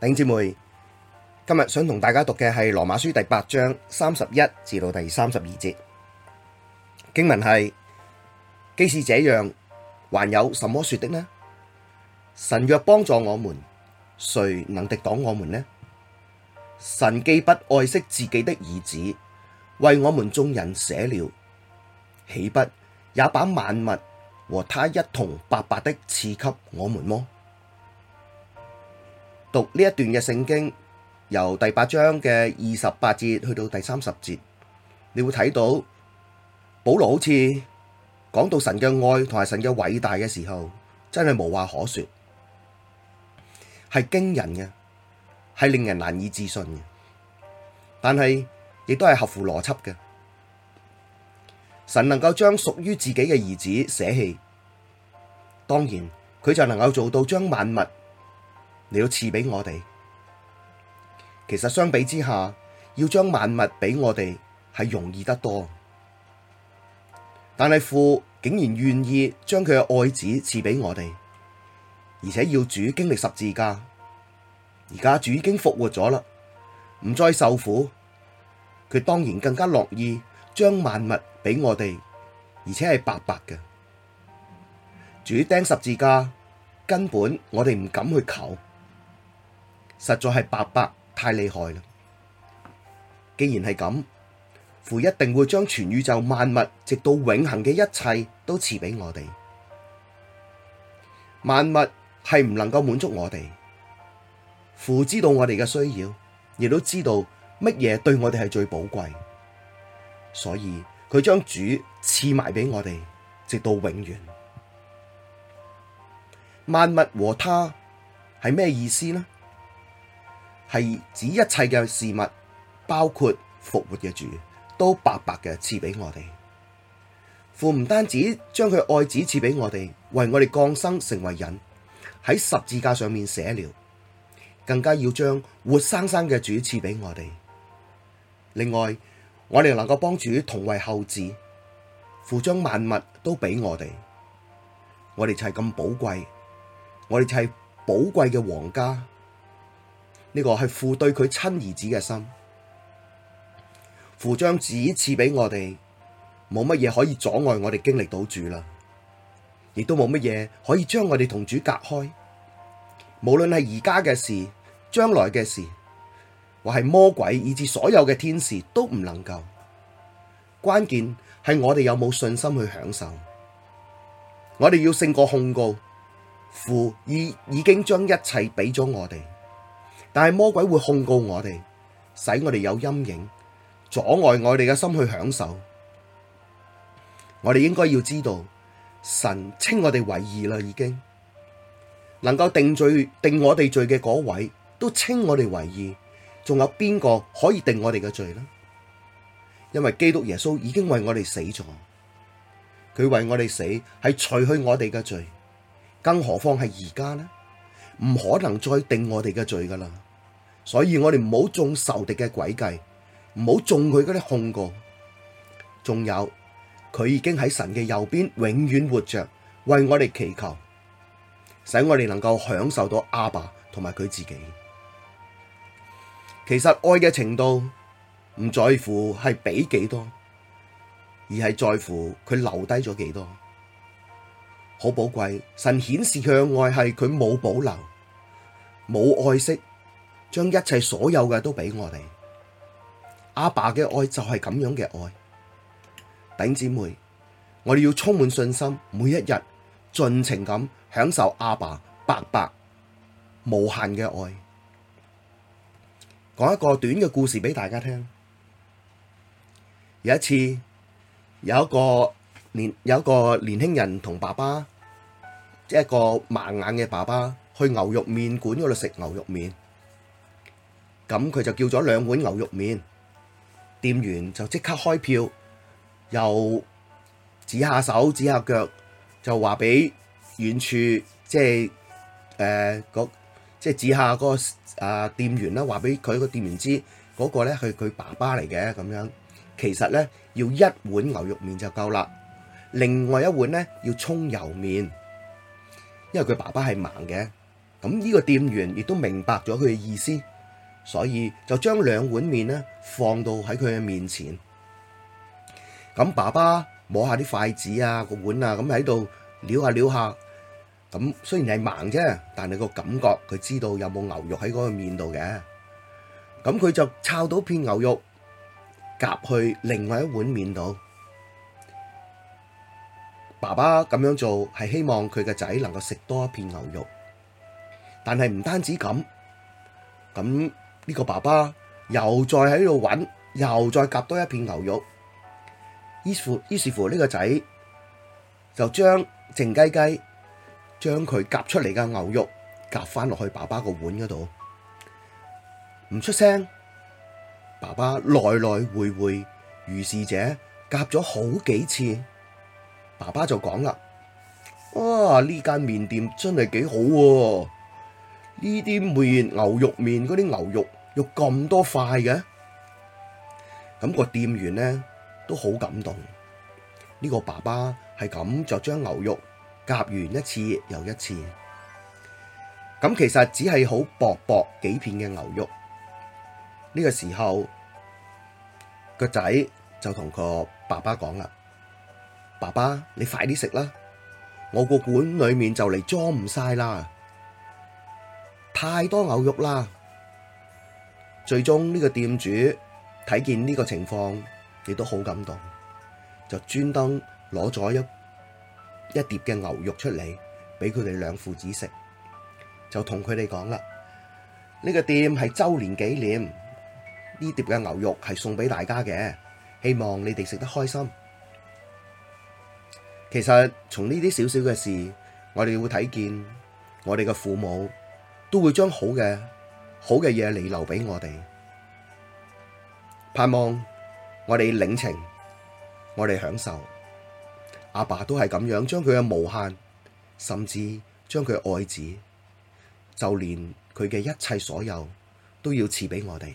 弟兄姐妹，今日想同大家讀嘅係《羅馬書》第八章三十一至到第三十二節經文係，既是這樣，還有什麼說的呢？神若幫助我們，誰能敵擋我們呢？神既不愛惜自己的兒子，為我們眾人捨了，豈不也把萬物和他一同白白的賜給我們麼？讀呢一段嘅聖經，由第八章嘅二十八節去到第三十節，你會睇到保羅好似講到神嘅愛同埋神嘅偉大嘅時候，真係無話可說，係驚人嘅，係令人難以置信嘅，但係亦都係合乎邏輯嘅。神能夠將屬於自己嘅兒子捨棄，當然佢就能夠做到將萬物。你要賜俾我哋，其實相比之下，要將萬物俾我哋係容易得多。但係父竟然願意將佢嘅愛子賜俾我哋，而且要主經歷十字架。而家主已經復活咗啦，唔再受苦，佢當然更加樂意將萬物俾我哋，而且係白白嘅。主釘十字架，根本我哋唔敢去求。實在係白白太厲害啦！既然係咁，父一定會將全宇宙萬物，直到永恒嘅一切，都賜俾我哋。萬物係唔能夠滿足我哋，父知道我哋嘅需要，亦都知道乜嘢對我哋係最寶貴，所以佢將主賜埋俾我哋，直到永遠。萬物和他係咩意思呢？係指一切嘅事物，包括復活嘅主，都白白嘅賜俾我哋。父唔單止將佢愛子賜俾我哋，為我哋降生成為人，喺十字架上面捨了，更加要將活生生嘅主賜俾我哋。另外，我哋能夠幫主同為後子，父將萬物都俾我哋，我哋就係咁寶貴，我哋就係寶貴嘅皇家。呢個係父對佢親兒子嘅心，父將子賜俾我哋，冇乜嘢可以阻礙我哋經歷到主啦，亦都冇乜嘢可以將我哋同主隔開。無論係而家嘅事，將來嘅事，或係魔鬼，以至所有嘅天使都唔能夠。關鍵係我哋有冇信心去享受。我哋要勝過控告，父已已經將一切俾咗我哋。但係魔鬼會控告我哋，使我哋有陰影，阻礙我哋嘅心去享受。我哋應該要知道，神稱我哋為義啦，已經能夠定罪定我哋罪嘅嗰位都稱我哋為義，仲有邊個可以定我哋嘅罪呢？因為基督耶穌已經為我哋死咗，佢為我哋死係除去我哋嘅罪，更何況係而家呢？唔可能再定我哋嘅罪㗎喇，所以我哋唔好中仇敵嘅詭計，唔好中佢嗰啲控告。仲有，佢已經喺神嘅右邊，永遠活着，為我哋祈求，使我哋能夠享受到阿爸同埋佢自己。其實愛嘅程度唔在乎係俾幾多，而係在乎佢留低咗幾多。好寶貴，神顯示佢嘅愛係佢冇保留、冇愛惜，將一切所有嘅都俾我哋。阿爸嘅愛就係咁樣嘅愛，弟兄姊妹，我哋要充滿信心，每一日盡情咁享受阿爸白白無限嘅愛。講一個短嘅故事俾大家聽。有一次，有一個。年有一個年輕人同爸爸，即係一個盲眼嘅爸爸，去牛肉麵館嗰度食牛肉麵。咁佢就叫咗兩碗牛肉麵，店員就即刻開票，又指下手指下腳，就話俾遠處即係誒即係指下嗰個啊店員啦，話俾佢個店員知嗰個咧係佢爸爸嚟嘅咁樣。其實咧要一碗牛肉麵就夠啦。另外一碗咧要葱油麵，因為佢爸爸係盲嘅，咁、這、呢個店員亦都明白咗佢嘅意思，所以就將兩碗麵咧放到喺佢嘅面前。咁爸爸摸下啲筷子啊，個碗啊，咁喺度撩下撩下。咁雖然係盲啫，但係個感覺佢知道有冇牛肉喺嗰個麵度嘅。咁佢就抄到片牛肉夾去另外一碗麵度。爸爸咁樣做係希望佢嘅仔能夠食多一片牛肉，但係唔單止咁，咁呢個爸爸又再喺度揾，又再夾多一片牛肉。於是乎，於是乎，呢個仔就將靜雞雞將佢夾出嚟嘅牛肉夾翻落去爸爸個碗嗰度，唔出聲。爸爸來來回回，如是者夾咗好幾次。爸爸就講啦，啊，呢間麵店真係幾好喎，呢啲麵牛肉麵嗰啲牛肉肉咁多塊嘅。咁個店員呢都好感動，呢個爸爸係咁就將牛肉夾完一次又一次，咁其實只係好薄薄幾片嘅牛肉，呢個時候個仔就同個爸爸講啦。爸爸，你快啲食啦！我個碗裏面就嚟裝唔晒啦，太多牛肉啦。最終呢個店主睇見呢個情況，亦都好感動，就專登攞咗一一碟嘅牛肉出嚟，俾佢哋兩父子食。就同佢哋講啦，呢個店係周年紀念，呢碟嘅牛肉係送俾大家嘅，希望你哋食得開心。其實從呢啲少少嘅事，我哋會睇見我哋嘅父母都會將好嘅好嘅嘢嚟留畀我哋，盼望我哋領情，我哋享受。阿爸，爸都係咁樣，將佢嘅無限，甚至將佢嘅愛子，就連佢嘅一切所有，都要賜俾我哋。